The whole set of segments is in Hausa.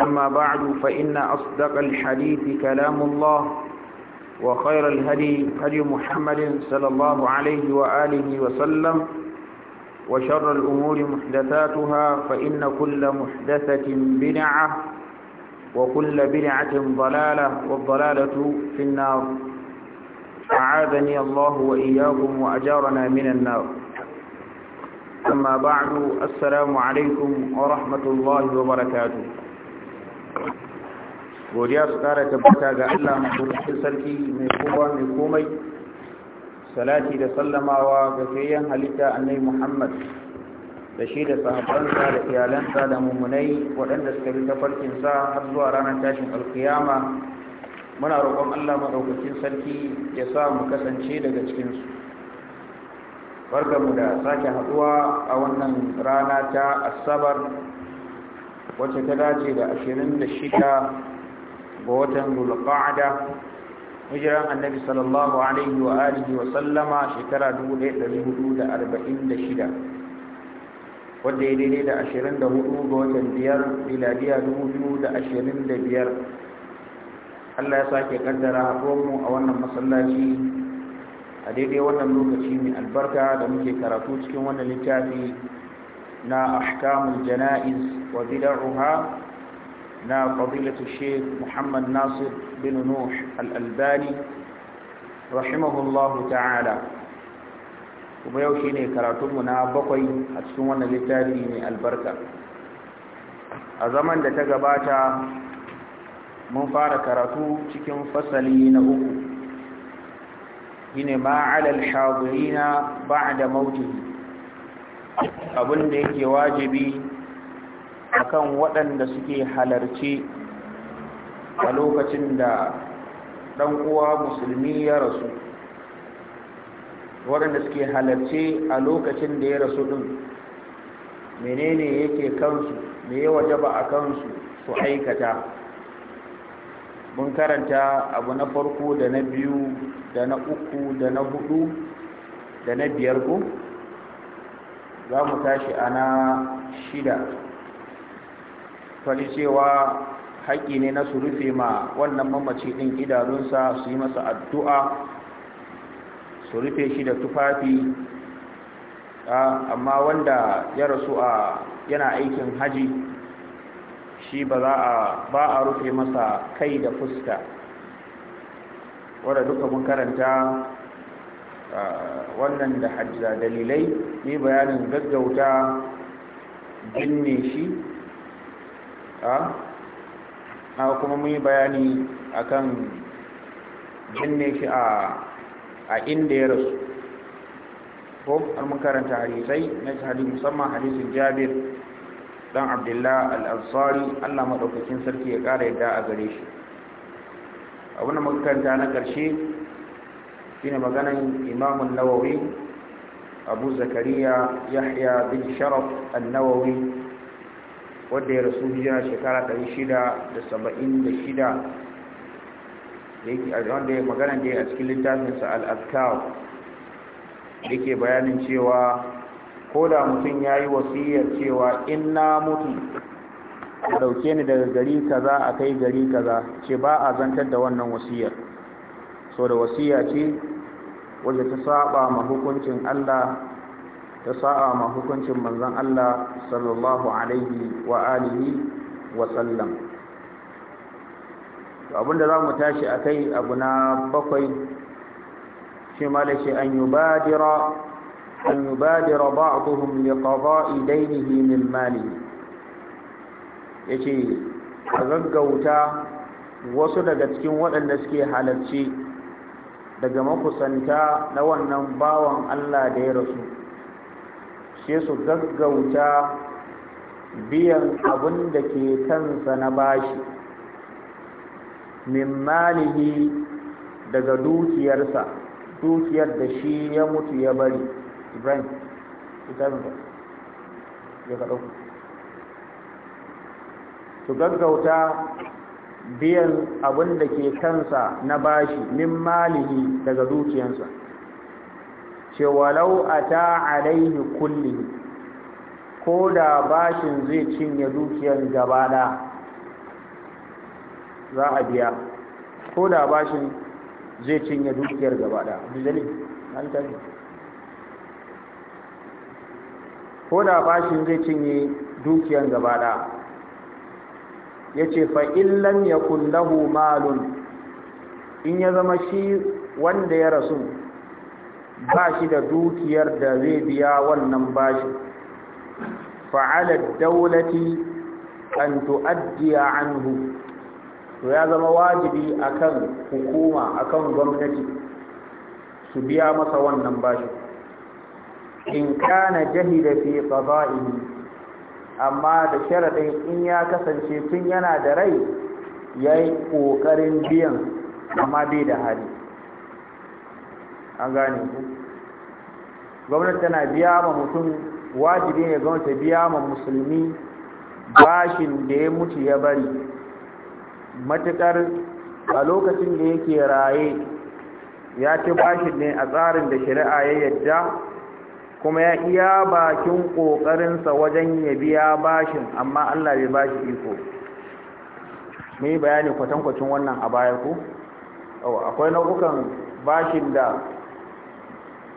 أما بعد فإن أصدق الحديث كلام الله وخير الهدي هدي محمد صلى الله عليه وآله وسلم وشر الأمور محدثاتها فإن كل محدثة بنعة وكل بنعة ضلالة والضلالة في النار أعاذني الله وإياكم وأجارنا من النار أما بعد السلام عليكم ورحمة الله وبركاته godiya su kara tabbata ga Allah madaukakin sarki mai kowa mai komai salati da sallamawa ga fayyan halitta annai Muhammad da shi da sahabansa da iyalansa da mummunai waɗanda suka bi ta farkinsa har zuwa ranar tashin alkiyama muna roƙon Allah maɗaukakin sarki ya sa mu kasance daga cikinsu mu da sake haɗuwa a wannan rana ta asabar wacce ta dace da ashirin da shida ga watan zulqa'da hijiran annabi sallallahu alaihi wa alihi wa sallama shekara 1446 wadda ya daidai da ashirin da hudu ga watan biyar miladiya biyar. Allah ya sake kaddara mu a wannan masallaci a daidai wannan lokaci mai albarka da muke karatu cikin wannan littafi na أحكام الجنائز وبدعها نا فضيلة الشيخ محمد ناصر بن نوح الألباني رحمه rahimahullahu ta'ala kuma yau shi ne karatunmu na bakwai a cikin wannan littafi mai albarka a zaman da ta gabata mun fara karatu cikin fasali na uku shine ma'alal shagirina ba da abin da yake wajibi akan waɗanda suke halarci a lokacin da ɗan uwa musulmi ya rasu waɗanda suke halarci a lokacin da ya rasu ɗin menene yake kansu me ya wajaba a kansu su aikata mun karanta abu na farko da na biyu da na uku da na hudu da na biyar ko za mu tashi ana shida fari cewa haƙƙi ne na su rufe ma wannan mamaci ɗin idanunsa su yi masa addu'a su rufe shi da tufafi amma wanda ya rasu a yana aikin haji shi ba za a ba a rufe masa kai da fuska wadda duka mun karanta wannan da hajja dalilai ne bayanin gaggauta binne shi a kuma mun yi bayani akan binne shi a inda ya rasu ko an mun karanta hadisai na hadisi musamman hadisin jabir dan abdullah al-ansari Allah maɗaukakin sarki ya ƙara yadda a gare shi abin da makaranta na ƙarshe. shine maganan imamun nawawi abu zakariya yahya bin sharaf an-nawawi wanda ya rasu hijira shekara 676 wanda ya magana da a cikin littafinsa al-azkar da ke bayanin cewa ko da mutum ya yi wasiyar cewa in na mutu dauke ni daga gari kaza a kai gari kaza ce ba a zantar da wannan wasiyar so da wasiya ce wanda ta saba ma hukuncin Allah ta saba ma hukuncin manzon Allah sallallahu alaihi wa alihi wa sallam to abinda zamu tashi akai abu na bakwai shi malashi an yubadira an yubadira ba'dhum liqada'i daynihi min malihi yace a gaggauta wasu daga cikin waɗanda suke halarci daga makusanta na wannan bawan Allah da ya rasu sai su gaggauta biyan abin da ke kansa na bashi min malihi daga dukiyarsa dukiyar da shi ya mutu ya bari ibrahim ita ya su gaggauta biyan abin da ke kansa na bashi min malihi daga dukiyansa ce walau a ta alaihi kulli ko da bashin zai cinye dukiyan gaba za a biya ko da bashin zai cinye dukiyar gaba da bijali hankali ko da bashin zai cinye dukiyar gaba yace fa ya ya kullahu malun in ya zama shi wanda ya rasu ba shi da dukiyar da zai biya wannan bashi fa'alar daulati an tu'addiya anhu to ya zama wajibi akan hukuma akan gwamnati su biya masa wannan bashi in kana jahila fi qada'ihi amma da sharaɗin in ya kasance tun yana da rai ya yi ƙoƙarin biyan amma bai da hali an gane ku gwamnati tana biya ma mutum wajibi ne gwamnati biya ma musulmi bashin da ya mutu ya bari matuƙar a lokacin da yake raye ya ci bashin ne a tsarin da shari'a ya yadda kuma ya iya bakin ƙoƙarinsa wajen ya biya bashin amma Allah bai bashi iko Mun yi bayani kwatankwacin wannan a baya ko akwai nau'ukan bashin da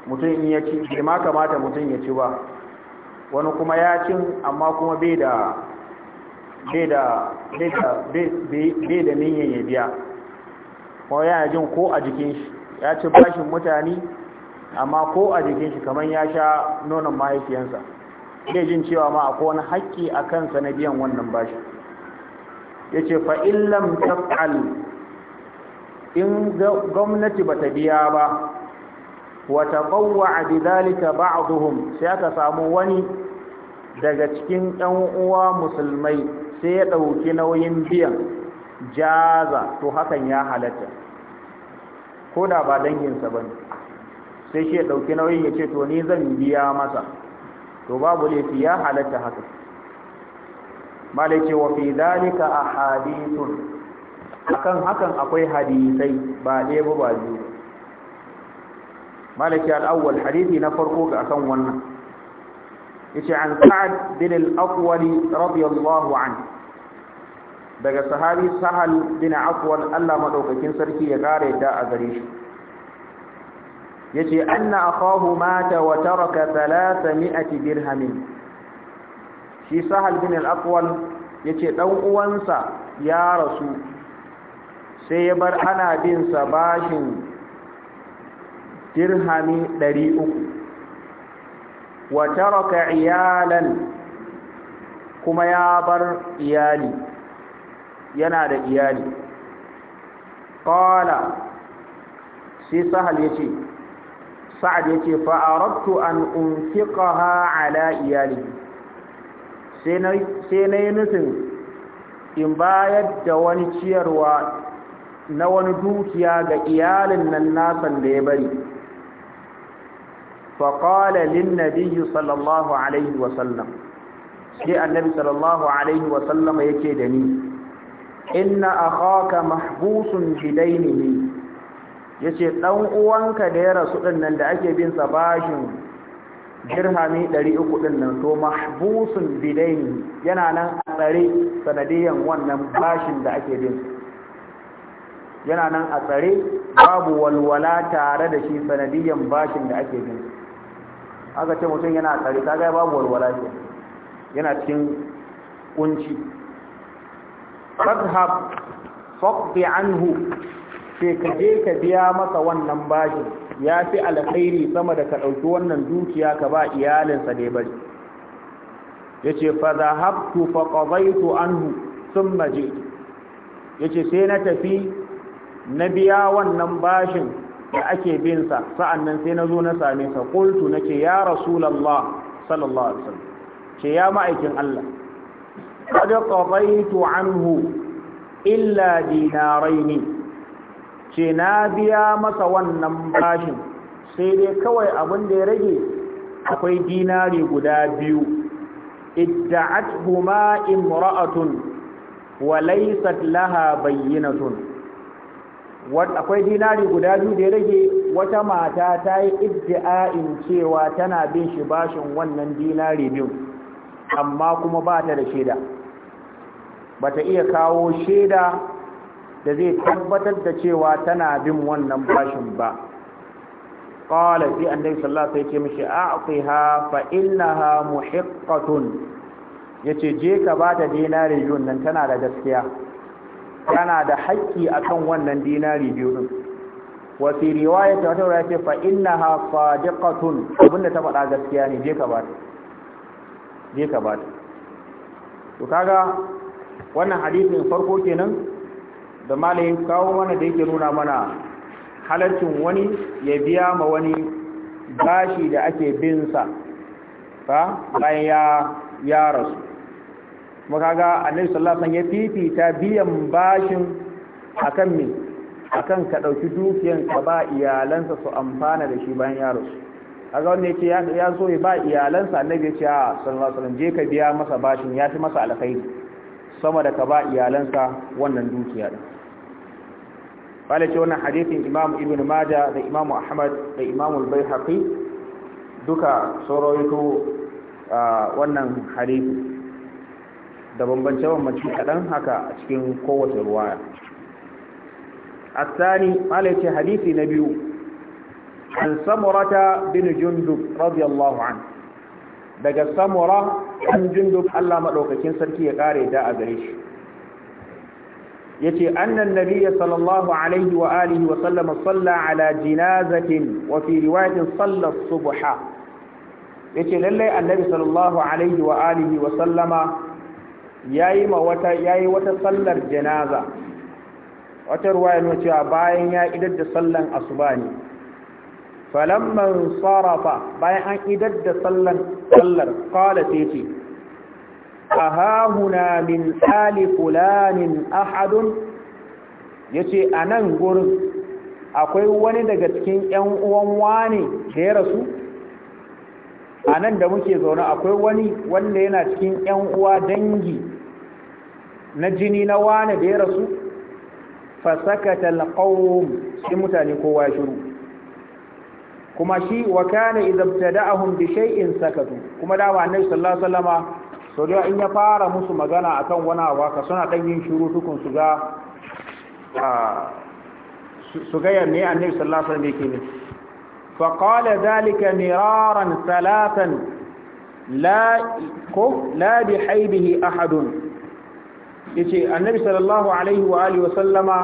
mutum in ya ci bai kamata mutum ya ci ba wani kuma ya cin amma kuma bai da bai niyyar ya biya ko yana jin ko a jikin shi ya ci bashin mutane amma ko a jikin shi kamar ya sha nonon mahaifiyansa zai jin cewa ma akwai wani haƙƙi a kansa na biyan wannan bashi ya ce fa'illam taf'al in gwamnati ba ta biya ba wata ƙauwa a a duhun sai aka samu wani daga cikin ɗan’uwa uwa musulmai sai ya ɗauki nauyin biyan jaza to hakan ya halatta ko da ba danginsa ba ne sai shi ya ɗauki nauyin ya ce to ni zan biya masa to babu laifi ya halatta haka malai ce wa fi zalika ahadithun akan hakan akwai hadisai ba ɗaya ba ba biyu malaki al-awwal hadisi na farko ga akan wannan yace an sa'ad bin al-aqwal radiyallahu anhu daga sahabi sahal bin aqwal Allah madaukakin sarki ya kare da a gare shi yace anna akahu mata wa talata mi'ati dirhamin shi sahal bin al ya yace ɗan uwansa ya rasu sai ya bar ana bin sa bashin dirhami 300 wa taraka iyalan kuma ya bar iyali yana da iyali qala sai sahal yace sa'ad yace fa aradtu an unfiqaha ala iyali sai na yi nufin in bayar da wani ciyarwa na wani dukiya ga iyalin nan nasan da ya bari faƙala Nabiyu sallallahu alaihi wasallam sai annabi sallallahu alaihi wasallama yake da ni inna akhaka mahbusun ne Ya ce, dan uwanka da ya rasu din nan da ake bin sa bashin dirhami 300 din nan to mahbusun bidaini yana nan a tsare sanadiyan wannan bashin da ake bin yana nan a tsare babu walwala tare da shi sanadiyan bashin da ake bin aka ce mutum yana a tsare kaga babu walwala shi yana cikin kunci fadhab faqbi anhu sai ka je ka biya masa wannan bashin ya fi alkhairi sama da ka ɗauki wannan dukiya ka ba iyalinsa ne bari ya ce fa zahabtu fa qadaytu anhu thumma ji'tu ya ce sai na tafi na biya wannan bashin da ake bin sa sa'annan sai na zo na same sa qultu ce ya rasulullah sallallahu alaihi wasallam ce ya ma'aikin Allah qad qadaytu anhu illa dinaraini ce na biya masa wannan bashin sai dai kawai abin da ya rage akwai dinari guda biyu idda'at huma imra'atun wa laysat laha bayyinatun akwai dinari guda biyu da ya rage wata mata ta yi idda'in cewa tana bin shi bashin wannan dinari biyu amma kuma ba ta da shaida ba ta iya kawo shaida da zai tabbatar da cewa tana bin wannan bashin ba qala fi annabi sallallahu alaihi wasallam yace mishi a'tiha fa innaha muhiqqatun yace je ka bata dinari biyu nan tana da gaskiya tana da haƙƙi akan wannan dinari biyu din wa fi riwayat wata riwaya ce fa innaha sadiqatun abinda ta faɗa gaskiya ne je ka bata je ka bata to kaga wannan hadisin farko kenan da malaye kawo mana da yake nuna mana halaccin wani ya biya ma wani bashi da ake binsa ba bayan ya ya rasu makaga annabi sallallahu alaihi wasallam ya fifita biyan bashin akan me akan ka dauki dukiyan ka ba iyalansa su amfana da shi bayan ya rasu kaga wanda yake ya so ya ba iyalansa annabi ya ce ah, sallallahu alaihi wasallam je ka biya masa bashin ya fi masa alkhairi sama da ka ba iyalansa wannan dukiya din bala ce wannan hadisin imam ibn maja da imam ahmad da imam al-baihaqi duka sauraito wannan hadisi da bambance bambance kaɗan haka a cikin kowace ruwaya asani bala ce hadisi na biyu an samurata bin jundub radiyallahu an daga samura an jundub Allah madaukakin sarki ya ƙare da a gare shi yace annan nabiyya sallallahu alaihi wa alihi wa sallama salla ala jinazatin wa fi riwayatin salla subha yace lallai annabi sallallahu alaihi wa alihi wa sallama yayi ma wata yayi wata sallar janaza wata ruwaya ne cewa bayan ya idar da sallan asuba ne falamman sarafa bayan an idar da sallan sallar qala sai ahahuna min ali fulanin ahadun yace anan gurin akwai wani daga cikin ƴan uwan wani da ya rasu anan da muke zaune akwai wani wanda yana cikin yan uwa dangi na jini na wani da ya rasu fasakata alqawm shi mutane kowa shiru kuma shi wa kana da ahun bi shay'in sakatu kuma da annabi sallallahu alaihi wasallama sau da in ya fara musu magana akan wani abu ka suna ɗan yin shiru tukun su ga su ga yanne annabi sallallahu alaihi wasallam yake ne fa qala zalika miraran salatan la ko la bi haibihi ahadun yace annabi sallallahu alaihi wa alihi wa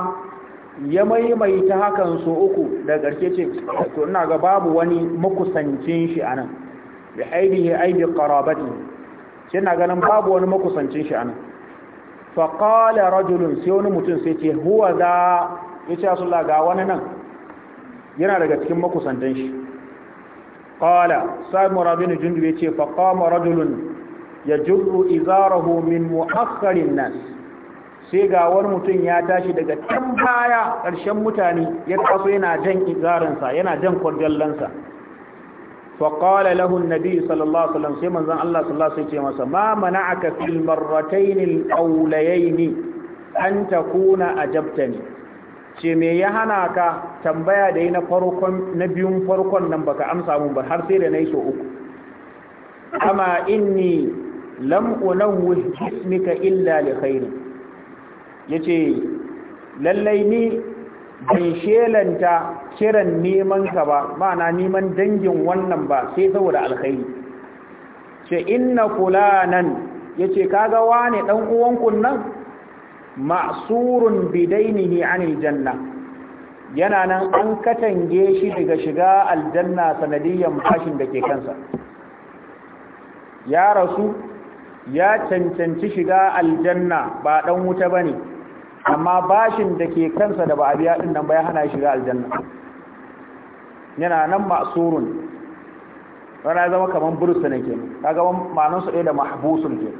ya maimaita hakan so uku da ƙarshe ce to ina ga babu wani makusancin shi anan bi haibihi aibi qarabati yana ganin babu wani makusancin shi anan fa qala rajulun sai wani mutum sai ce huwa za yace Allah ga wani nan yana daga cikin makusantan shi qala sa'mu rabin jundu yace fa qama rajulun yajru izarahu min mu'akhkharin nas sai ga wani mutum ya tashi daga can baya ƙarshen mutane ya taso yana jan izarinsa yana jan kwandallansa فقال له النبي صلى الله عليه وسلم سيما زن الله صلى الله عليه وسلم ما منعك في المرتين الأوليين أن تكون أجبتني ce me ya hana ka tambaya da yi na biyun farkon nan baka amsa mun ba har sai da nayi so uku inni lam unawwih illa li yace lallai ni bai shelanta kiran neman ka ba ma'ana neman dangin wannan ba sai saboda alkhairi ce inna fulanan yace kaga wane dan uwan kunnan ma'surun bidainihi anil janna yana nan an katange shi daga shiga aljanna sanadiyan fashin da ke kansa ya rasu ya cancanci shiga aljanna ba dan wuta bane amma bashin da ke kansa da ba a biya ɗin nan ba ya hana shiga aljanna yana nan ma'surun rana zama kamar burusa na ke kaga ma'anar ɗaya da mahabusun ke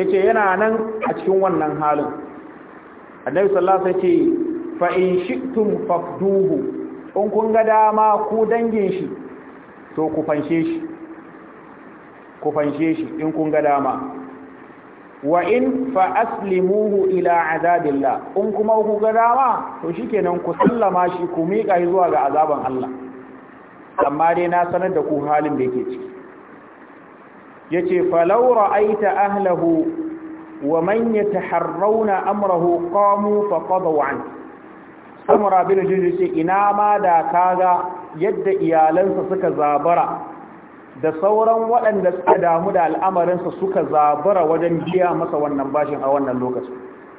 yake yana nan a cikin wannan halin annabi sallallahu alaihi ce fa in shi'tum fafduhu in kun ga dama ku dangin shi to ku fanshe shi ku fanshe shi in kun ga dama wa in fa aslimuhu ila azabillah in kuma ku ga dama to shikenan ku sallama shi ku mika shi zuwa ga azaban Allah amma dai na sanar da ku halin da yake ciki yace law ra'aita ahlihu wa man yataharrauna amrahu qamu qadaw an samura bin jujus ina ma da kaga yadda iyalansa suka zabara da sauran waɗanda suka damu da al'amarinsa suka zabara wajen biya masa wannan bashin a wannan lokacin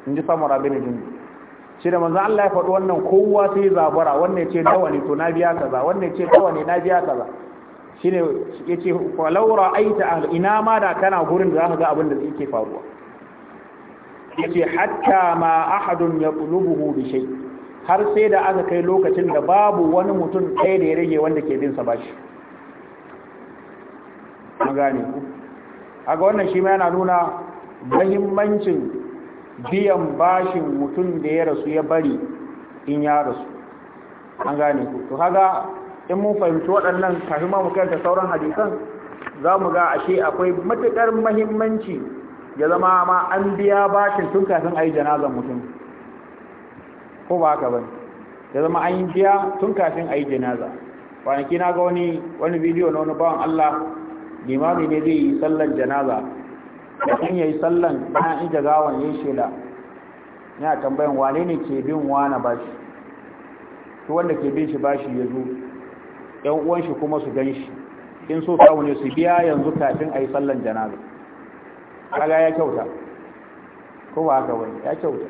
in ji samun rabin jini shi da manzan Allah ya faɗi wannan kowa sai zabara wannan ce nawa ne to na biya kaza wannan ce nawa ne na biya kaza shi ne ya ce falaura aita ahal ina ma da kana gurin da za ka ga abin da yake faruwa ya ce hatta ma ahadun ya ƙulubuhu bi shai har sai da aka kai lokacin da babu wani mutum ɗaya da ya rage wanda ke bin sa bashi an gane ku aga wannan shi ma yana nuna muhimmancin biyan bashin mutum da ya rasu ya bari in ya rasu an gane ku to haga in mun fahimci waɗannan kafin ma mu ta sauran hadisan za mu ga ashe akwai matuƙar muhimmanci ya zama ma an biya bashin tun kafin a yi janazan mutum ko ba haka ba ya zama an biya tun kafin a yi janaza kwanaki na ga wani wani bidiyo na wani bawan Allah limami ne zai yi sallan janaza da ya yi sallan bayan ija gawan ya shela ina tambayan wane ne ke bin wana bashi to wanda ke bin shi bashi ya zo yan uwan shi kuma su ganshi. in so ta wune su biya yanzu kafin ayi sallan janaza kaga ya kyauta ko ba ga wani ya kyauta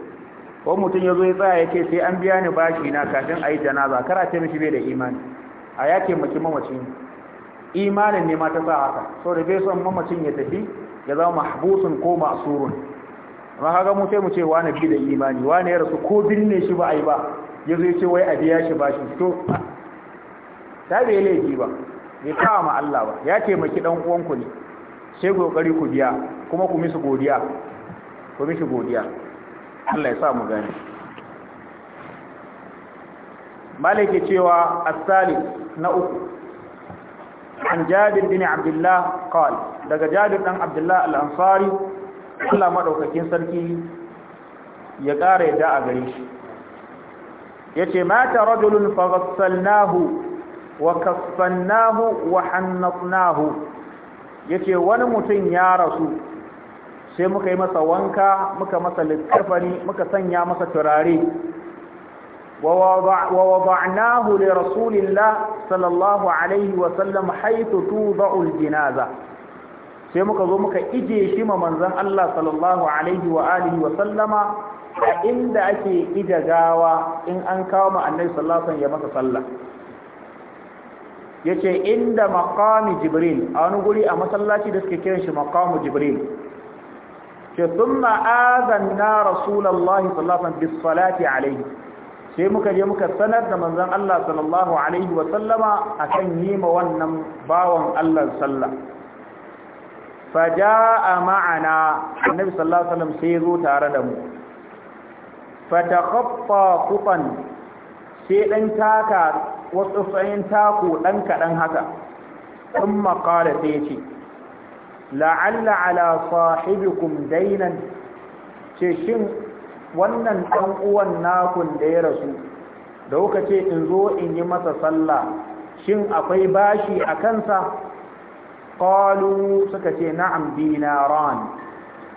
ko mutum ya zo ya tsaya ya sai an biya ni bashi na kafin ayi janaza karace mishi bai da imani a yake mutum mamacin imanin ne ma ta sa haka so da bai son mamacin ya tafi ya zama mahbusun ko masurun amma kaga mu sai mu ce wani bi da imani wani ya rasu ko binne shi ba a yi ba ya zo ce wai a biya shi ba shi to ta bai laifi ba bai kawo ma Allah ba ya taimaki dan uwanku ne sai kokari ku biya kuma ku misu godiya ku misu godiya Allah ya sa mu gani malaka cewa asali na uku an jabir bin abdullah daga jabir dan abdullah al-ansari Allah madaukakin sarki ya ƙara yadda a gare shi yace mata rajulun faghassalnahu wa kaffannahu wa hannatnahu yace wani mutum ya rasu sai muka yi masa wanka muka masa littafani muka sanya masa turare ووضعناه لرسول الله صلى الله عليه وسلم حيث توضع الجنازة sai muka zo muka ije shi ma manzon Allah sallallahu alaihi wa alihi wa sallama a inda ake ije gawa in an kawo ma annabi sallallahu alaihi ya masa sallah yace inda maqami jibril a wani guri a masallaci da suke kiran shi maqamu jibril ce thumma azanna rasulullahi sallallahu alaihi wa sallam bis salati alaihi sai muka je muka sanar da manzon Allah sallallahu alaihi wa sallama akan yima wannan bawan Allah sallah faja'a ma'ana annabi sallallahu alaihi wasallam sai zo tare da mu fatakhaffa khutan sai dan taka wasu sayin taku dan kadan haka kuma qala sai yace la'alla ala sahibikum dainan ce shin wannan ɗan uwan nakun da ya rasu da kuka ce in zo in yi masa sallah shin akwai bashi a kansa qalu suka ce na'am dinaran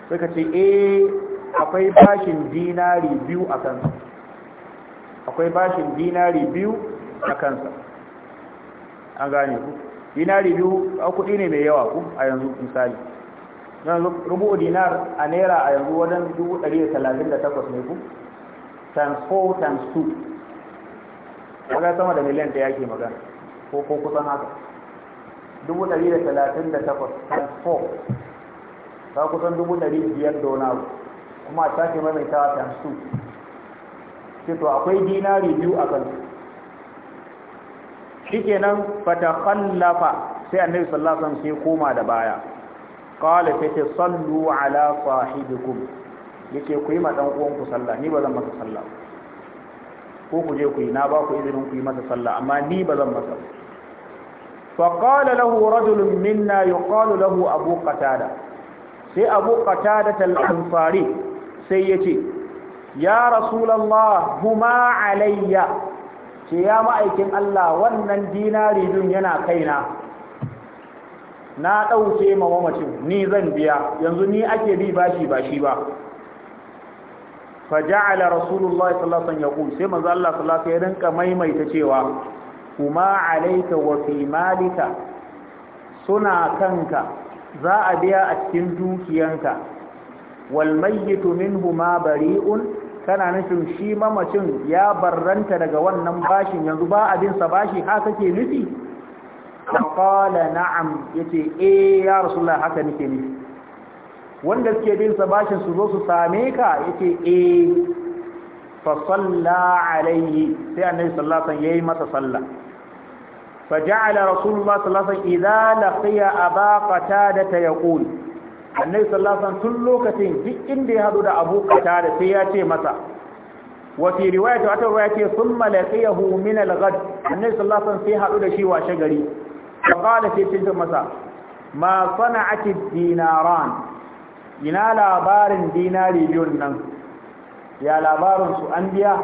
suka ce eh akwai bashin dinari biyu a kansa akwai bashin dinari biyu a kansa an gane ku dinari biyu a kudi ne mai yawa ku a yanzu misali na rubu dinar a naira a yanzu wajen 138 ne ku times 4 times 2 kaga sama da miliyan da yake magana ko ko kusan haka 138 times 4 ta kusan 500 donar kuma a sake maimaitawa times 2 ce akwai dinari biyu a kansu shikenan fata kallafa sai annabi sallallahu alaihi wasallam sai koma da baya qala fa ta sallu ala sahibikum yake ku yi ma dan uwan sallah ni ba zan masa sallah ko ku je ku yi na ba ku izinin ku yi masa sallah amma ni ba zan masa fa qala lahu rajulun minna yuqalu lahu abu qatada sai abu qatada al-ansari sai yace ya rasulullah huma alayya ce ya ma'aikin Allah wannan dinari dun yana kaina na ɗauke ma mamacin ni zan biya yanzu ni ake bi bashi bashi ba fa ja'ala rasulullahi sallallahu alaihi wasallam sai manzo Allah sallallahu alaihi wasallam ya rinka maimaita cewa kuma alayka wa fi malika suna kanka za a biya a cikin dukiyanka wal mayyitu minhuma bari'un kana nufin shi mamacin ya barranta daga wannan bashin yanzu ba abin sa bashi haka kake nufi kakwala na’am ya ce e ya rasu Allah haka nake ne wanda suke bin bashin su zo su same ka ya ce e fasalla alayhi sai annai sallasan ya yi masa salla faja’ala rasulullah sallasan idala fiya a bakata da ta ya ƙuri annai sallasan tun lokacin duk inda ya hado da abokata da sai ya ce masa wasu riwayatun atarwa ya ce sun malakiyahu min al-gad annai sallasan sai haɗu da shi washe gari فقال في masa المساء ما صنعت الديناران ina labarin dinari biyun nan ya labarin su an biya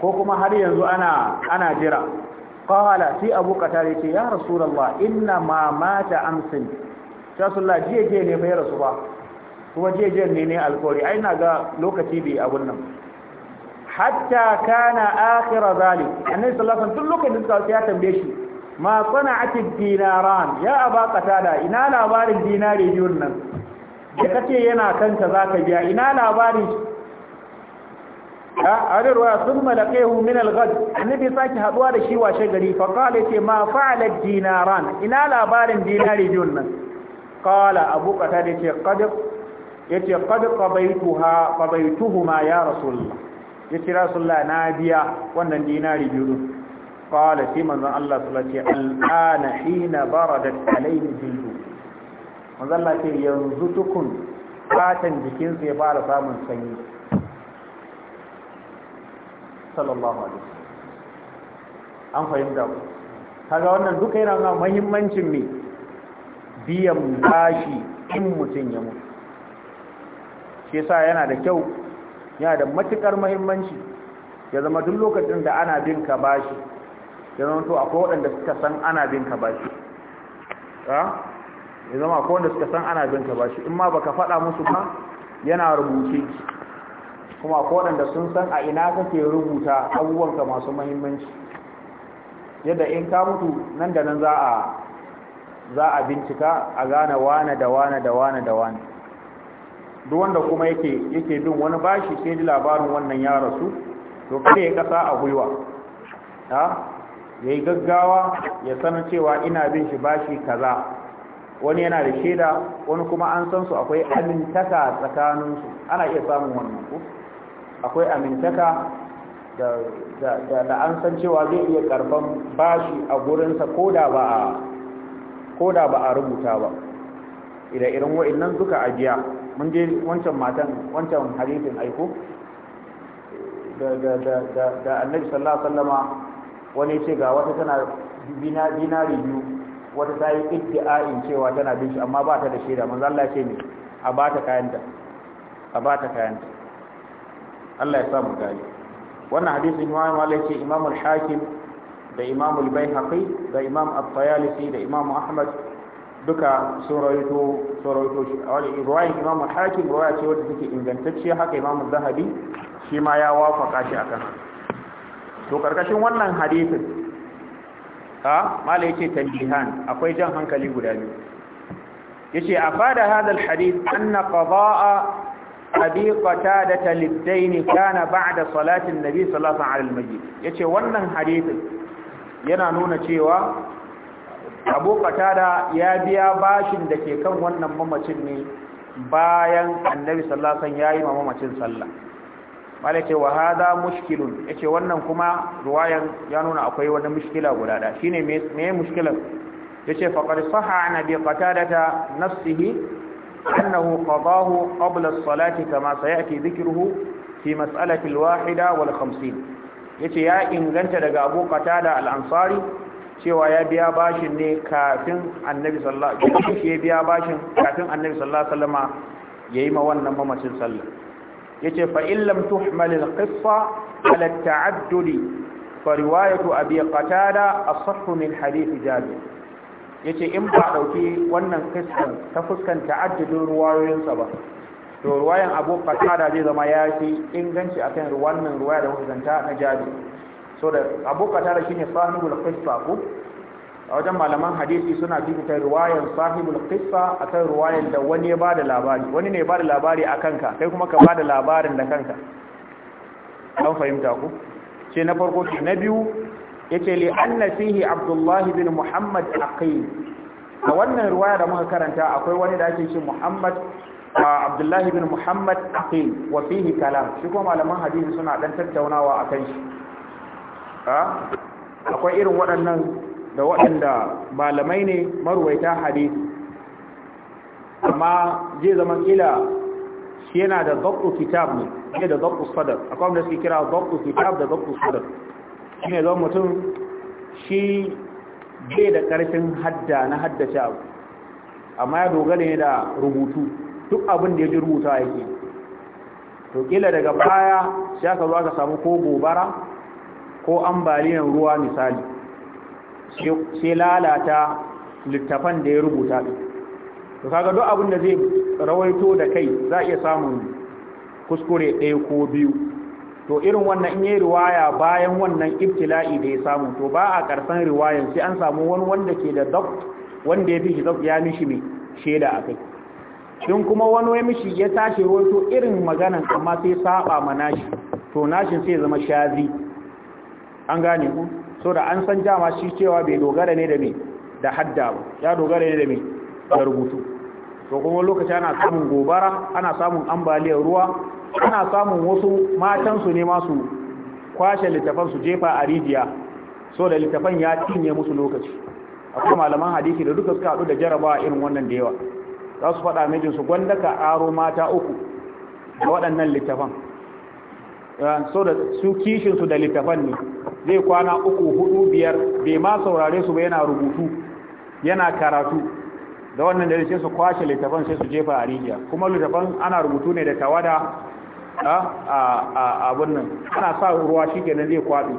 ko kuma har yanzu ana ana jira qala fi abu qatari ce ya rasulullah inna ma mata amsin rasulullah jiye ne mai rasu ba kuma jiyaje ne ne alkori ai na ga lokaci bi abun nan hatta kana akhir zali annabi sallallahu alaihi tun lokacin da ya tambaye shi ma ake dinaran ya aba da ina labarin dinari biyun nan da kace yana kanta za ka biya ina labarin a wani ruwa sun malakai min al-ghad annabi sake haduwa da shi washe gari fa ce ma fa'ala dinaran ina labarin dinari biyun nan qala abu qata da ce qad yace qad qabaituha qabaituhuma ya rasulullah yace rasulullah na biya wannan dinari biyun qala sai manzon Allah sallallahu alaihi wasallam al'ana hina baradat alayhi jildu manzon Allah ce yanzu tukun fatan jikinsa ya fara samun sanyi sallallahu alaihi an fahimta ku kaga wannan duka yana nuna muhimmancin me biyan bashi in mutum ya mutu shi yasa yana da kyau yana da matukar muhimmanci ya zama duk lokacin da ana bin ka bashi ya wato to akwai waɗanda suka san ana bin ka bashi ya zama akwai waɗanda suka san ana bin ka bashi in ma baka faɗa musu ba yana rubuce kuma akwai waɗanda sun san a ina kake rubuta ka masu muhimmanci? yadda in ka mutu nan da nan za a za a bincika a gane wane da wane da wane da wane duk wanda kuma yake yake bin wani bashi sai ji labarin wannan ya rasu to kare ya kasa a gwiwa ha ya yi gaggawa ya sanar cewa ina bin shi bashi kaza wani yana da shaida wani kuma an san su akwai amintaka tsakanin su ana iya samun wannan ku akwai amintaka da an san cewa zai iya karban bashi a gurin ko da ba a rubuta ba ida irin wa'annan duka ajiya mun je wancan matan wancan hadisin aiko da annabi sallallahu alaihi wasallama wani ce ga wata tana dinari biyu wata ta yi iddi'a'in cewa tana bin shi amma ba ta da shaida manzo Allah ce ne a ba ta kayanta a ba ta kayanta Allah ya sa mu gani wannan hadisin Imam Malik ce Imam al-Hakim da Imam al-Baihaqi da Imam at-Tayalisi da Imam Ahmad duka sun rawaito sun rawaito shi a wani ruwayin Imam al-Hakim ruwaya ce wadda take ingantacciya haka Imam al-Zahabi shi ma ya wafaka shi akan to karkashin wannan hadisin a mala yake tambihan akwai jan hankali guda biyu yace afada hadal hadith anna qadaa abi qatada lidayn kana ba'da salatin nabi sallallahu alaihi wasallam yace wannan hadisin yana nuna cewa abu qatada ya biya bashin da ke kan wannan mamacin ne bayan annabi sallallahu alaihi wasallam yayi mamacin sallah malai ce wa hada mushkilun yace wannan kuma ruwayan ya nuna akwai wani mushkila guda da shine me me mushkilan yace faqad sahha an abi qatadata nafsihi annahu qadahu qabla as-salati kama sayati dhikruhu fi mas'alati wahida wal 50 yace ya inganta daga abu qatada al-ansari cewa ya biya bashin ne kafin annabi sallallahu alaihi wasallam ya biya bashin kafin annabi sallallahu alaihi wasallama ma wannan mamacin sallah yace fa illam tuhmal al-qissa ala at-ta'addud fa riwayatu abi qatada asah min hadith jabir yace in ba dauki wannan qissa ta fuskan ta'addudin ruwayoyinsa ba to ruwayan abu qatada zai zama ya fi inganci akan wannan ruwaya da muka zanta na jabir so da abu qatada shine sahibul qissa ko a wajen malaman hadisi suna fifita riwayar sahibul qissa akan riwayar da wani ya bada labari wani ne bada labari a kanka kai kuma ka bada labarin da kanka an fahimta ku ce na farko shi na biyu yace li anna fihi abdullah bin muhammad aqil a wannan ruwaya da muka karanta akwai wani da ake ce muhammad abdullah bin muhammad aqil wa fihi kalam shi kuma malaman hadisi suna dan tattaunawa akan shi akwai irin waɗannan da waɗanda malamai ne marwaita hadis amma je zama kila shi yana da zaɓu kitab ne ne da zaɓu sadar akwai wanda suke kira zaɓu kitab da zaɓu sadar shi ne zan mutum shi bai da ƙarfin hadda na haddace abu amma ya dogara ne da rubutu duk abin da ya ji rubuta yake to kila daga baya shi aka zo aka samu ko gobara ko ambaliyar ruwa misali sai lalata littafan da ya rubuta ɗin to kaga duk abin da zai rawaito da kai za a iya samun kuskure ɗaya ko biyu to irin wannan in yi riwaya bayan wannan ibtila'i da ya samu to ba a ƙarsan riwayan sai an samu wani wanda ke da zaf wanda ya fi shi ya mishi mai shaida a kai Shin kuma wani ya mishi ya tashi rawaito irin maganan amma sai saba ma nashi to nashin sai zama shazi an gane ku so da an san jama shi cewa bai dogara ne da mai da hadda ba ya dogara ne da mai da rubutu to kuma lokaci ana samun gobara ana samun ambaliyar ruwa ana samun wasu matan su ne masu kwashe littafan su jefa a rijiya so da littafan ya cinye musu lokaci akwai malaman hadisi da duka suka hadu da jarabawa irin wannan da yawa za su faɗa mijinsu gwanda ka aro mata uku da waɗannan littafan so da su kishinsu da littafan ne zai kwana uku hudu biyar bai ma saurare su ba yana rubutu yana karatu da wannan da sai su kwashe littafan sai su jefa a rijiya kuma littafan ana rubutu ne da tawada a abun nan ana sa ruwa shi kenan zai kwaɗi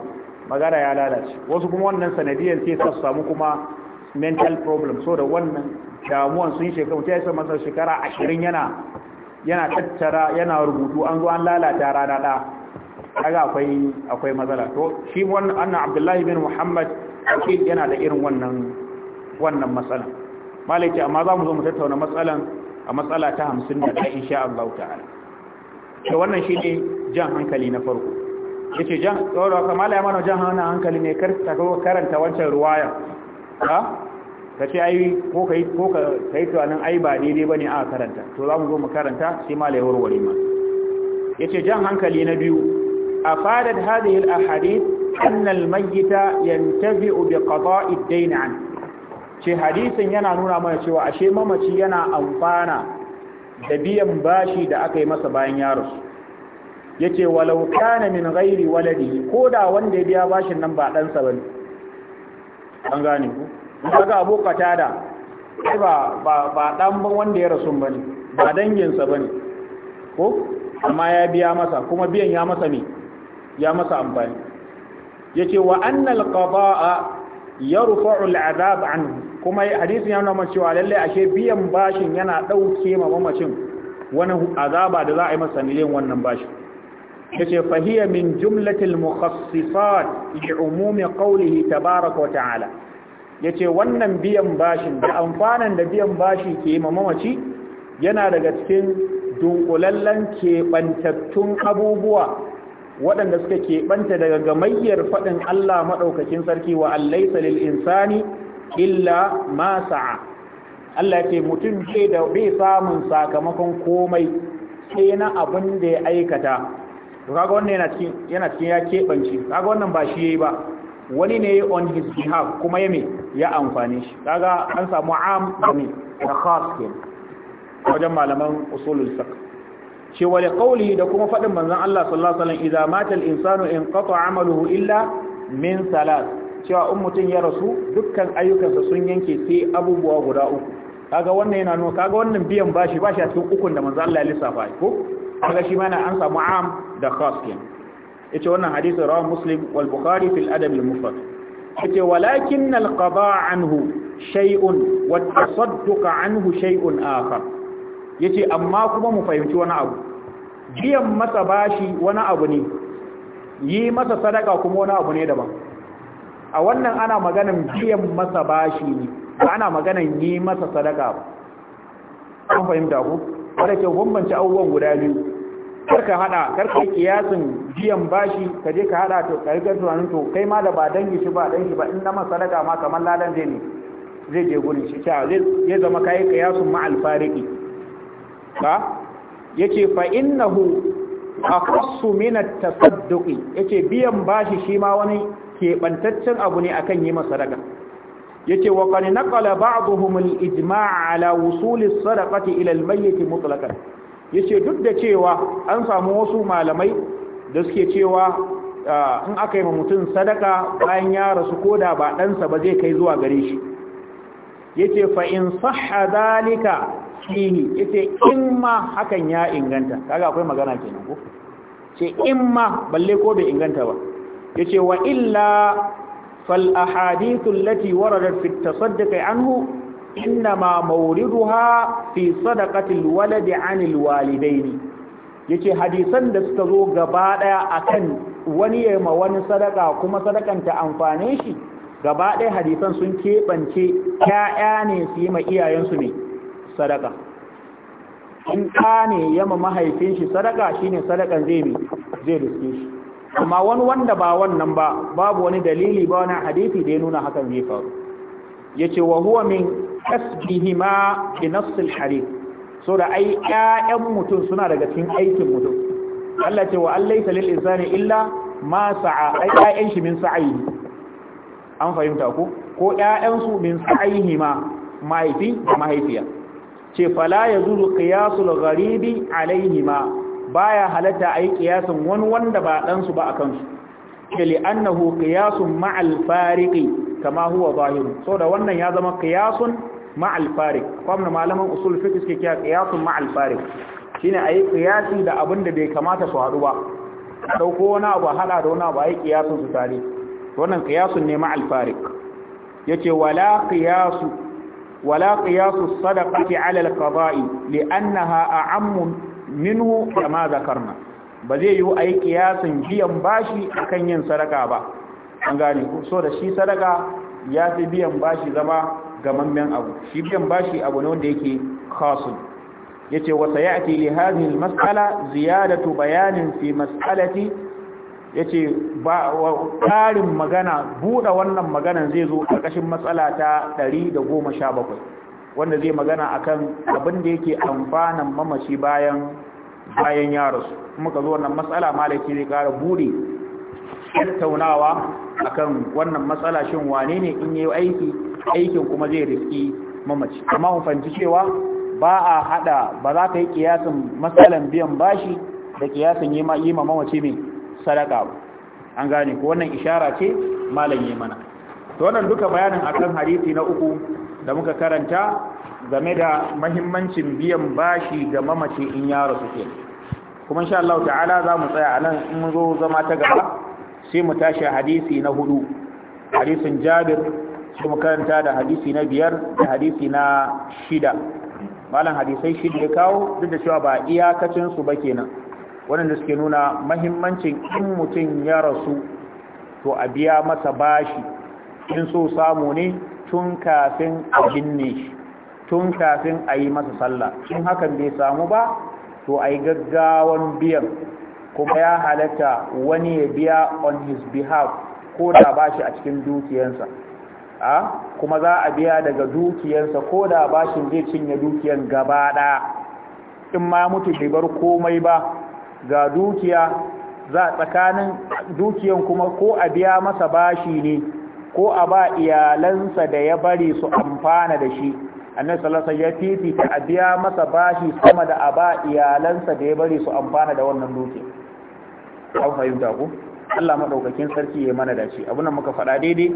magana ya lalace wasu kuma wannan sanadiyar sai su samu kuma mental problem so da wannan damuwan sun shekaru mutum ya masa shekara ashirin yana yana tattara yana rubutu an zo an lalata rana ɗaya kaga akwai akwai matsala to shi wannan anna abdullahi bin muhammad shi yana da irin wannan wannan matsala malaki amma za mu zo mu tattauna matsalan a matsala ta 50 da insha Allah ta'ala to wannan shine jan hankali na farko yace jan tsoro ka malaya mana jan hankali ne kar ta karanta wancan ruwaya ha ka ai ko kai ko ka to anan ai ba daidai bane a karanta to za mu zo mu karanta sai malaya warware ma yace jan hankali na biyu أفادت هذه الأحاديث أن الميت ينتفئ بقضاء الدين عنه شي حديث ينا نونا ما يشوى أشي ماما شي ينا أنفانا دبيا مباشي دا أكي مسا باين يارس يتي ولو كان من غير ولده كودا وان دي بيا باشي نمبا لنسا بني أنغاني kaga abu katada ba ba ba dan ban wanda ya rasu bane ba danginsa bane ko amma ya biya masa kuma biyan ya masa ne ya masa amfani yace wa annal qada'a yarfa'u al'azab anhu kuma hadisin ya nuna cewa lalle ashe biyan bashin yana dauke ma mamacin wani azaba da za a yi masa miliyan wannan bashin yace fahiya min jumlatil mukhassisat li umumi qawlihi tabaarak wa ta'ala yace wannan biyan bashin da amfanan da biyan bashi ke ma mamaci yana daga cikin dunkulallen keɓantattun abubuwa waɗanda suka keɓanta daga gamayyar faɗin Allah maɗaukakin sarki wa allaisa lil insani illa ma sa'a Allah ce mutum ce da bai samun sakamakon komai sai na abin da ya aikata to kaga wannan yana cikin ya keɓanci kaga wannan ba shi yayi ba wani ne on his behalf kuma ya me ya amfane shi kaga an samu am da da wajen malaman usulul fiqh ce wa da kuma faɗin manzon Allah sallallahu alaihi wasallam idza mata al-insanu 'amaluhu illa min salat cewa in mutum ya rasu dukkan ayyukansa sun yanke sai abubuwa guda uku kaga wannan yana nuna kaga wannan biyan bashi bashi a cikin ukun da manzon Allah ya lissafa ko kaga shi ma an samu am da khas kin yace wannan hadisi rawahu muslim wal bukhari fil adab al mufrad yace walakin al qada anhu shay'un wat tasadduq anhu shay'un akhar yace amma kuma mu fahimci wani abu biyan masa bashi wani abu ne yi masa sadaka kuma wani abu ne daban a wannan ana maganan biyan masa bashi ne ba ana maganan yi masa sadaka ba an fahimta ku wadda ke bambance abubuwan guda biyu karka hada karka yi kiyasin biyan bashi ka je ka hada to karkar tunanin to kai ma da ba dangi shi ba dangi ba in na masa sadaka ma kamar lalan zai ne zai je gurin shi ta zai zama kayi kiyasin ma alfariki ba yace fa innahu aqassu min at-tasadduqi yace biyan bashi shi ma wani keɓantaccen abu ne akan yi masa sadaka yace wa qad naqala ba'dhum al-ijma' ala wusul as-sadaqati ila al-mayyit mutlaqan yace duk da cewa an samu wasu malamai da suke cewa in aka yi mutum sadaka bayan ya rasu koda ba ɗansa ba zai kai zuwa gare shi yace fa in sahha zalika fihi yace in ma hakan ya inganta kaga akwai magana kenan ko ce in ma balle ko bai inganta ba yace wa illa fal ahadithu allati waradat fi tasadduqi anhu inma mawriduha fi sadaqati alwaladi anil walidaini yace hadisan da suka zo gaba daya akan wani ya ma wani sadaka kuma sadakan ta amfane shi gaba daya hadisan sun kebance ƴaƴa ne su yi ma iyayensu ne sadaka in kane ne yama mahaifin shi sadaka shine sadakan zai bi zai riske shi amma wani wanda ba wannan ba babu wani dalili ba wani hadisi da ya nuna hakan zai faru yace wa huwa min kasbihima bi nafs al hadith so da ai ƴaƴan mutum suna daga cikin aikin mutum Allah ce wa allaysa lil insani illa ma sa'a ai ƴaƴan shi min sa'ihi an fahimta ko ko ƴaƴan su min ma mahaifi da mahaifiya ce fala ya zuru qiyasul gharibi alaihima baya halatta yi qiyasin wani wanda ba dan ba a kansu. ce annahu kiyasun ma'al fariqi kama huwa zahir so da wannan ya zama kiyasun ma'al fariq kuma malaman usul fiti suke kiya qiyasun ma'al fariq a yi kiyasi da da bai kamata su haɗu ba A dauko wani abu haɗa da wani abu a yi kiyasun su tare wannan kiyasun ne ma'al fariq yace wala kiyasu. ولا قياس الصدقة على القضاء لأنها أعم منه كما ذكرنا بذي يو أي قياس بيان باشي أكن ين صدقة با أنغاني سورة شي صدقة ياتي بيان باشي زما gamammen abu shi biyan bashi abu ne wanda yake khasun yace wa sayati li hadhihi al mas'ala ziyadatu bayanin fi mas'alati ya ce ba ƙarin magana buɗe wannan maganan zai zo ƙarƙashin matsala ta 117 wanda zai magana akan abin da yake amfanan mamaci bayan bayan kuma ka zo wannan matsala malaki zai ƙara buɗe tattaunawa akan wannan matsala shin wane ne in yi aiki aikin kuma zai riski mamaci amma mu fanci cewa ba a hada ba za ka yi kiyasin matsalan biyan bashi da kiyasin yi ma mamaci ne. sadaka ba an gane ko wannan ishara ce malam yi mana to wannan duka bayanin akan hadisi na uku da muka karanta game da mahimmancin biyan bashi ga mamace in yaro ke kuma insha Allah ta'ala za mu tsaya anan in mun zo zama ta gaba sai mu tashi hadisi na hudu hadisin Jabir sai mu karanta da hadisi na biyar da hadisi na shida malam hadisai shida ya kawo duk da cewa ba iyakacin su ba kenan waɗanda suke nuna mahimmancin in mutum ya rasu to a biya masa bashi in so samu ne tun kafin a binne shi tun kafin a yi masa sallah in hakan bai samu ba to a yi gaggawan biyan kuma ya halatta wani ya biya on his behalf ko da bashi a cikin dukiyansa kuma za a biya daga dukiyansa ko da bashin zai cinye dukiyan gaba ɗaya in ma mutu bai bar komai ba ga dukiya za tsakanin dukiyan kuma ko a biya masa bashi ne ko a ba iyalansa da ya bari su amfana da shi annabi sallallahu alaihi wasallam ya a biya masa bashi sama da a ba iyalansa da ya bari su amfana da wannan dukiya an fahimta ku Allah madaukakin sarki ya mana dace abin nan muka faɗa daidai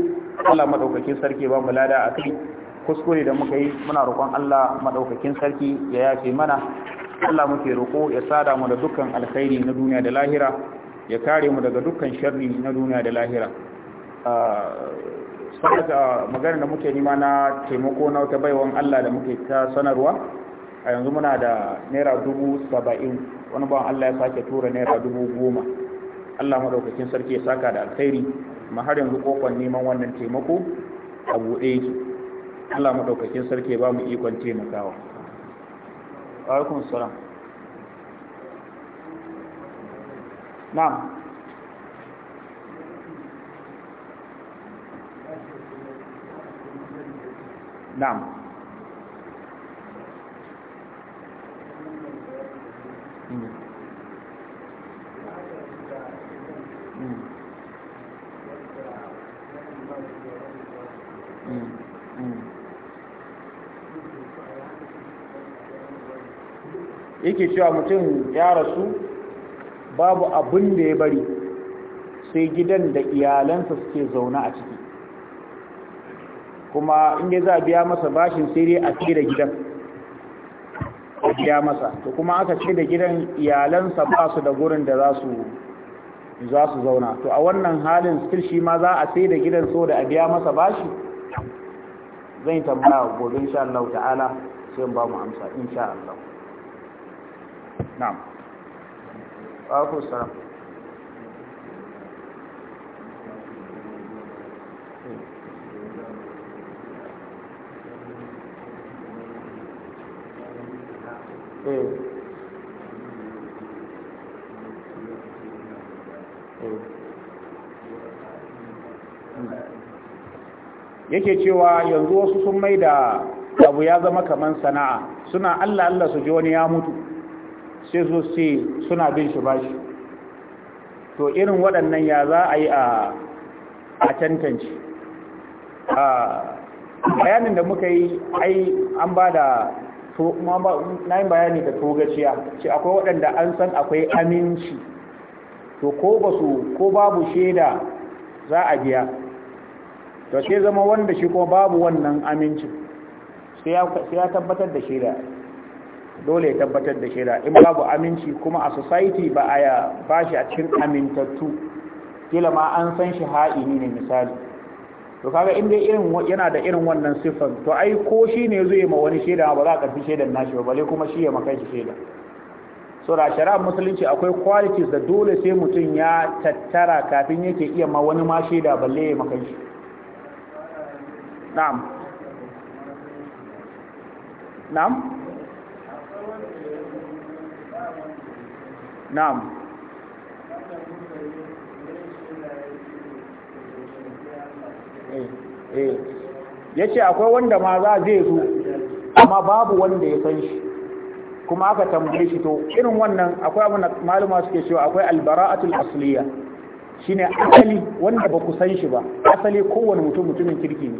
Allah madaukakin sarki ba mu lada akai kuskure da muka yi muna roƙon Allah madaukakin sarki ya yafe mana Allah muke roƙo ya sada mu da dukkan alkhairi na duniya da lahira ya kare mu daga dukkan sharri na duniya da lahira ah, saboda magana da muke nima na taimako na wata baiwan Allah da muke ta sanarwa a yanzu muna da naira dubu saba'in wani bawan Allah ya sake tura naira dubu goma Allah madaukakin sarki ya saka da alkhairi ma har yanzu kofar neman wannan taimako a buɗe Allah madaukakin sarki ya ba mu ikon taimakawa alaikum salam na'am na'am Mm. yake cewa mutum ya rasu babu abin da ya bari sai gidan da iyalansa suke zaune a ciki kuma inda za a biya masa bashin sai dai a ce da gidan a biya masa to kuma aka ce da gidan iyalansa ba su da gurin da za su zauna to a wannan halin still shi ma za a sai da gidan so da a biya masa bashi zan yi tambaya gobe insha Allah ta'ala sai ba mu amsa insha Allah نعم alaikum السلام eh. yake cewa yanzu wasu sun mai da abu ya zama kaman sana'a suna Allah Allah su ji wani ya mutu sai zo su suna bin shi bashi to irin waɗannan ya za a yi a tantance bayanin da muka yi ai an ba da na yin bayani da togaciya ce akwai waɗanda an san akwai aminci to ko ba su ko babu shaida za a biya to sai zama wanda shi ko babu wannan amincin sai ya tabbatar da shaida dole ya tabbatar da shaida in babu aminci kuma a society ba a ya bashi a cikin amintattu kila ma an san shi ha'ini ne misali to kaga in dai irin yana da irin wannan sifan to ai ko shi ne zai ma wani shaida ba za ka fi shaidan nashi ba bale kuma shi ya maka shi shaida so da shari'a musulunci akwai qualities da dole sai mutum ya tattara kafin yake iya ma wani ma shaida balle ya maka shi na'am na'am na'am eh, eh. ya ce akwai wanda ma za zai zo amma babu wanda ya san shi kuma aka tambaye shi to irin wannan akwai abin da maluma suke cewa akwai albara'atul asliya shine asali wanda ba ku san shi ba asali kowane mutum mutumin kirki ne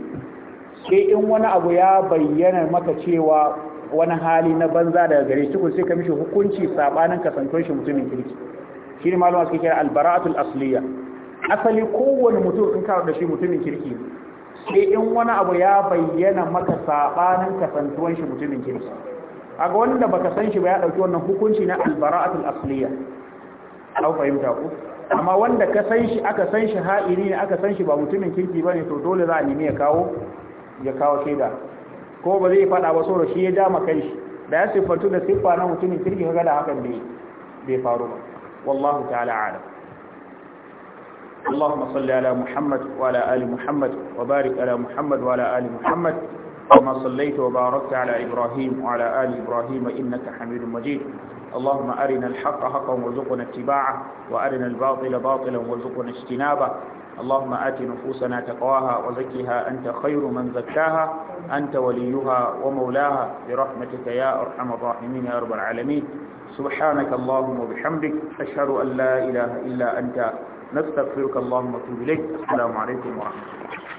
sai in wani abu ya bayyana maka cewa wani hali na banza daga gare shi ko sai ka mishi hukunci sabanin kasantuwar shi mutumin kirki shi ne malama suke kira albara'atul asliya asali kowane mutum in ka da shi mutumin kirki sai in wani abu ya bayyana maka sabanin kasantuwar shi mutumin kirki a ga wanda baka san shi ba ya dauki wannan hukunci na albara'atul asliya au fahimta ku amma wanda ka san shi aka san shi ha'iri ne aka san shi ba mutumin kirki bane to dole za a nemi ya kawo ya kawo shaida ko ba zai faɗa ba saboda shi ya ja ma kai shi da ya siffantu da siffa na mutumin kirki kaga da hakan bai bai faru ba wallahu ta'ala alam اللهم صل على محمد وعلى آل محمد وبارك على محمد وعلى آل محمد كما صليت وباركت على إبراهيم وعلى آل إبراهيم إنك حميد مجيد اللهم أرنا الحق حقا وارزقنا اتباعه وأرنا الباطل باطلا وارزقنا اجتنابه اللهم آت نفوسنا تقواها وزكها أنت خير من زكاها أنت وليها ومولاها برحمتك يا أرحم الراحمين يا رب العالمين سبحانك اللهم وبحمدك أشهد أن لا إله إلا أنت نستغفرك اللهم وتوب إليك السلام عليكم ورحمة الله